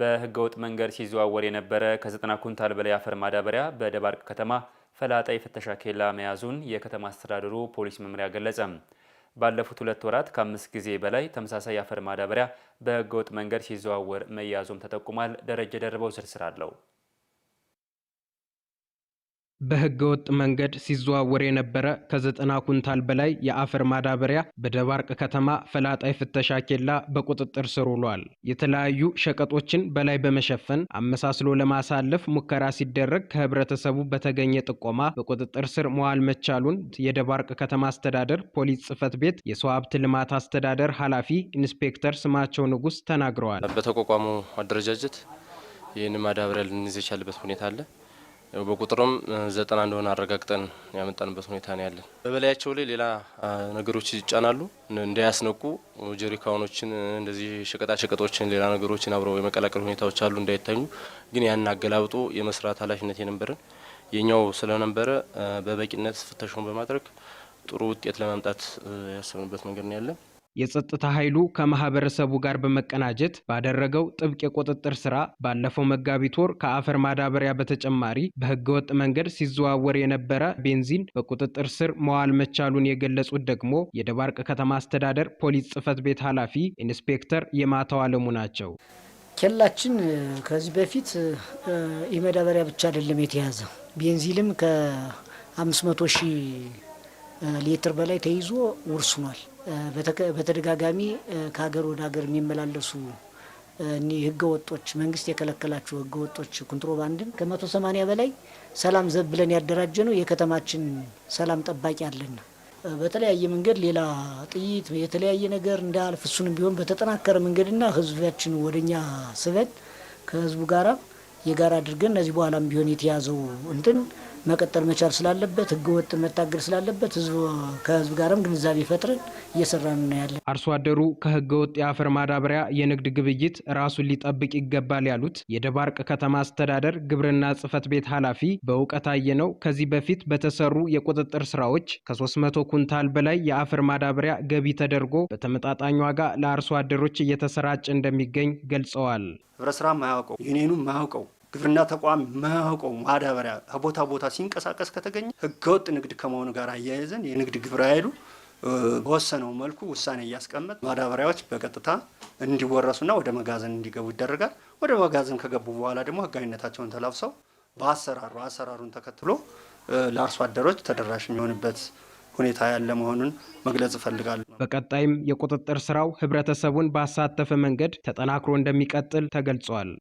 በህገወጥ መንገድ ሲዘዋወር የነበረ ከዘጠና ኩንታል በላይ አፈር ማዳበሪያ በደባርቅ ከተማ ፈላጣ የፍተሻ ኬላ መያዙን የከተማ አስተዳደሩ ፖሊስ መምሪያ ገለጸ። ባለፉት ሁለት ወራት ከአምስት ጊዜ በላይ ተመሳሳይ አፈር ማዳበሪያ በህገወጥ መንገድ ሲዘዋወር መያዙም ተጠቁሟል። ደረጀ ደርበው ዝርዝር አለው። በህገወጥ መንገድ ሲዘዋወር የነበረ ከዘጠና ኩንታል በላይ የአፈር ማዳበሪያ በደባርቅ ከተማ ፈላጣይ ፍተሻ ኬላ በቁጥጥር ስር ውሏል። የተለያዩ ሸቀጦችን በላይ በመሸፈን አመሳስሎ ለማሳለፍ ሙከራ ሲደረግ ከህብረተሰቡ በተገኘ ጥቆማ በቁጥጥር ስር መዋል መቻሉን የደባርቅ ከተማ አስተዳደር ፖሊስ ጽህፈት ቤት የሰው ሀብት ልማት አስተዳደር ኃላፊ ኢንስፔክተር ስማቸው ንጉስ ተናግረዋል። በተቋቋመው አደረጃጀት ይህን ማዳበሪያ ልንይዝ የቻለበት ሁኔታ አለ በቁጥርም ዘጠና እንደሆነ አረጋግጠን ያመጣንበት ሁኔታ ነው ያለን። በበላያቸው ላይ ሌላ ነገሮች ይጫናሉ እንዳያስነቁ ጀሪካኖችን፣ እንደዚህ ሸቀጣሸቀጦችን፣ ሌላ ነገሮችን አብረው የመቀላቀል ሁኔታዎች አሉ እንዳይታኙ። ግን ያን አገላብጦ የመስራት ኃላፊነት የነበረን የኛው ስለነበረ በበቂነት ፍተሻውን በማድረግ ጥሩ ውጤት ለማምጣት ያሰብንበት መንገድ ነው ያለን። የጸጥታ ኃይሉ ከማህበረሰቡ ጋር በመቀናጀት ባደረገው ጥብቅ የቁጥጥር ስራ ባለፈው መጋቢት ወር ከአፈር ማዳበሪያ በተጨማሪ በህገወጥ መንገድ ሲዘዋወር የነበረ ቤንዚን በቁጥጥር ስር መዋል መቻሉን የገለጹት ደግሞ የደባርቅ ከተማ አስተዳደር ፖሊስ ጽህፈት ቤት ኃላፊ ኢንስፔክተር የማታው አለሙ ናቸው። ኬላችን ከዚህ በፊት የማዳበሪያ ብቻ አይደለም የተያዘው ቤንዚልም ከ500 ሺህ ሊትር በላይ ተይዞ ውርስ በተደጋጋሚ ከሀገር ወደ ሀገር የሚመላለሱ እኒህ ህገ ወጦች መንግስት የከለከላቸው ህገ ወጦች ኮንትሮባንድን ከመቶ ሰማኒያ በላይ ሰላም ዘብ ብለን ያደራጀ ነው። የከተማችን ሰላም ጠባቂ አለና በተለያየ መንገድ ሌላ ጥይት የተለያየ ነገር እንዳያልፍ እሱንም ቢሆን በተጠናከረ መንገድና ህዝባችን ወደኛ ስበን ከህዝቡ ጋራ የጋራ አድርገን እነዚህ በኋላም ቢሆን የተያዘው እንትን መቀጠል መቻል ስላለበት ህገ ወጥ መታገል ስላለበት ህዝቡ ከህዝብ ጋርም ግንዛቤ ፈጥረን እየሰራን እናያለን። አርሶ አደሩ ከህገ ወጥ የአፈር ማዳበሪያ የንግድ ግብይት ራሱን ሊጠብቅ ይገባል ያሉት የደባርቅ ከተማ አስተዳደር ግብርና ጽህፈት ቤት ኃላፊ በእውቀት አየነው ከዚህ በፊት በተሰሩ የቁጥጥር ስራዎች ከ300 ኩንታል በላይ የአፈር ማዳበሪያ ገቢ ተደርጎ በተመጣጣኝ ዋጋ ለአርሶ አደሮች እየተሰራጨ እንደሚገኝ ገልጸዋል። ህብረት ስራ ማያውቀው ዩኒየኑ ማያውቀው ግብርና ተቋም መቆም ማዳበሪያ ከቦታ ቦታ ሲንቀሳቀስ ከተገኘ ህገወጥ ንግድ ከመሆኑ ጋር አያይዘን የንግድ ግብረ ኃይሉ በወሰነው መልኩ ውሳኔ እያስቀመጥ ማዳበሪያዎች በቀጥታ እንዲወረሱና ወደ መጋዘን እንዲገቡ ይደረጋል። ወደ መጋዘን ከገቡ በኋላ ደግሞ ህጋዊነታቸውን ተላብሰው በአሰራሩ አሰራሩን ተከትሎ ለአርሶ አደሮች ተደራሽ የሚሆንበት ሁኔታ ያለ መሆኑን መግለጽ እፈልጋለሁ። በቀጣይም የቁጥጥር ስራው ህብረተሰቡን ባሳተፈ መንገድ ተጠናክሮ እንደሚቀጥል ተገልጿል።